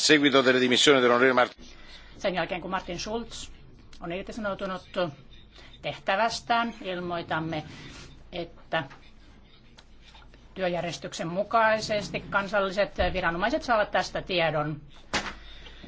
Seguito delle dimissioni dell'onorevole Martin. Sen jälkeen kun Martin Schulz on irtisanoutunut tehtävästään, ilmoitamme, että työjärjestyksen mukaisesti kansalliset viranomaiset saavat tästä tiedon